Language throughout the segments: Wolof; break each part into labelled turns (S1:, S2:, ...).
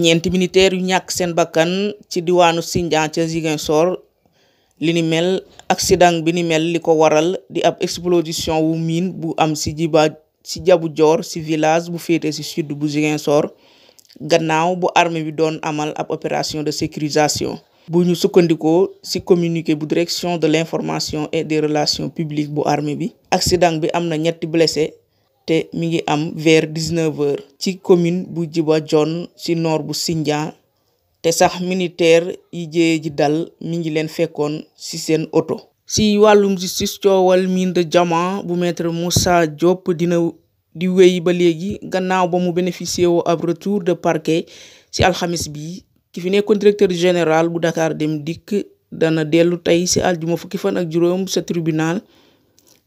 S1: ñeenti militaire yu ñàkk seen bakkan ci diwaanu Sindian ca Ziguinchor li ni mel accident bi ni mel li ko waral di ab explosion wu mine bu am si jiba ci jabu joor si village bu féete si sud bu Ziguinchor gannaaw bu armee bi doon amal ab opération de sécurisation bu ñu sukkandikoo si communiqué bu direction de l'information et des relation publiques bu armée bi accident bi am na ñetti blessé te mi ngi am vers 19h ci commune bu Djibajon ci noor bu Sindian te sax militaire yi jéye ji dal mi ngi leen fekkoon ci seen oto ci wàllum justice coowal mine de diamant bu mu saa Diop dina di wéy ba léegi gannaaw ba mu bénéficier woo ab retour de parquet ci alxamis bi ki fi nekkoon directeur général bu Dakar Dem Dikk dana dellu tey ci aljuma fukki fan ak juróom sa tribunal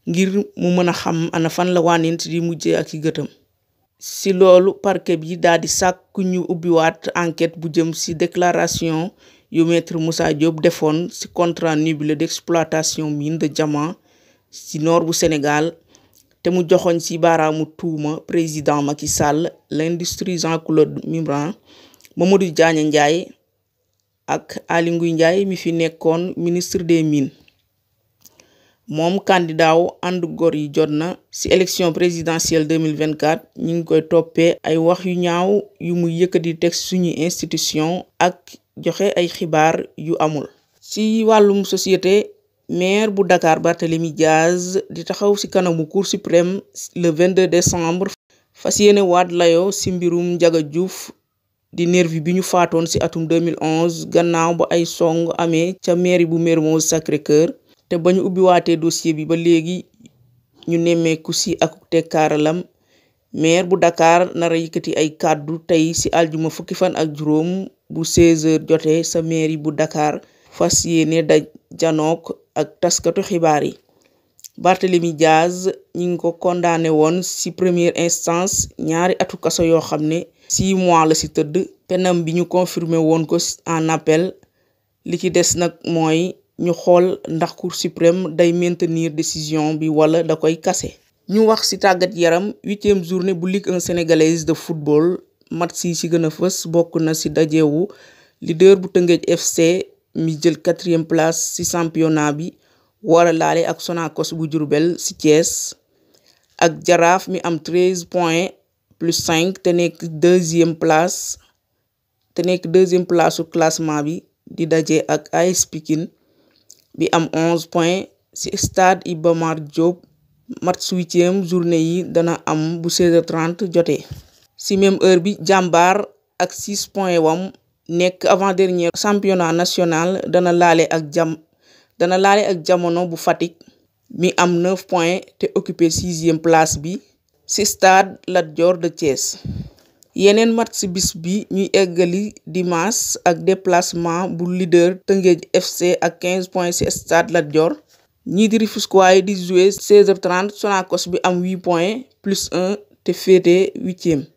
S1: ngir mu mën a xam ana fan la wànnint di mujjee ak i gëtam si loolu parquet bi daal di sàkk ñu ubbiwaat enquête bu jëm si déclaration yu maître Moussa defoon si contrat nubile d'exploitation mine de diamant si nord bu Sénégal te mu joxoñ ci baaraamu tuuma président Macky Sall l'industrie Jean-Claude Mimran Mamadou Diagne Ndiaye ak Aly Ngouille Ndiaye mi fi nekkoon ministre des mines moom kandidaaw wu ànd gor yi jot na ci élection présidentielle 2024 ñu ngi koy toppee ay wax yu ñaaw yu muy di teg suñuy institution ak joxe ay xibaar yu amul ci wàllum société maire bu Dakar Barthélémy Diaz di taxaw ci kanamu cour suprême le 22 décembre fas yéene waat layo ci mbirum njaga Diouf di nervi bi ñu faatoon ci atum 2011 gannaaw ba ay song amee ca mairie bu Mermoz Sacré-Cœur te ba ñu ubbiwaatee dossier bi ba léegi ñu nemmeeku ci ak tekkaaralam maire bu dakaar nara yëkkati ay kàddu tey ci aljuma fukki fan ak juróom bu 16h jotee sa mairie bu Dakar fas yéene da janook ak taskatu xibaar yi. Barthélemy Diaz ñu ngi ko condamné woon si première instance ñaari atu kaso yoo xam ne. 6 mois la si tëdd. penam bi ñu confirmé woon ko en appel li ci des nag mooy. ñu xool ndax cour suprême day maintenir décision bi wala da koy kase ñu wax ci tàggat yaram huitième journée bu Ligue 1 sénégalaise de football match yi ci gën a fës bokk na ci dajewu leader bu Tëngéej FC mi jël quatrième place ci championnat bi war laale ak Sonacos bu Diourbel ci Thiès ak Jaraaf mi am treize points plus cinq te nekk deuxième place te nekk deuxième place su classement bi di daje ak AS Pikine bi am 11 points ci stade Iba Mar Diop match huitième journée yi dana am bu 16h30 jotee. ci même heure bi jàmbaar ak 6 points wam nekk avant dernier championnat national dana laale ak jamono bu Fatick mi am 9 points te occupé sixième place bi ci stade Lat Dior de Thiès. yeneen match si bis bi ñuy eggali dimanche ak déplacement bu leader Tëngéej FC ak point points ci stade Lat Dior ñii di Rufisquois yi di jouer 16h30 Sonacos bi am 8 points plus 1 te féete huitième.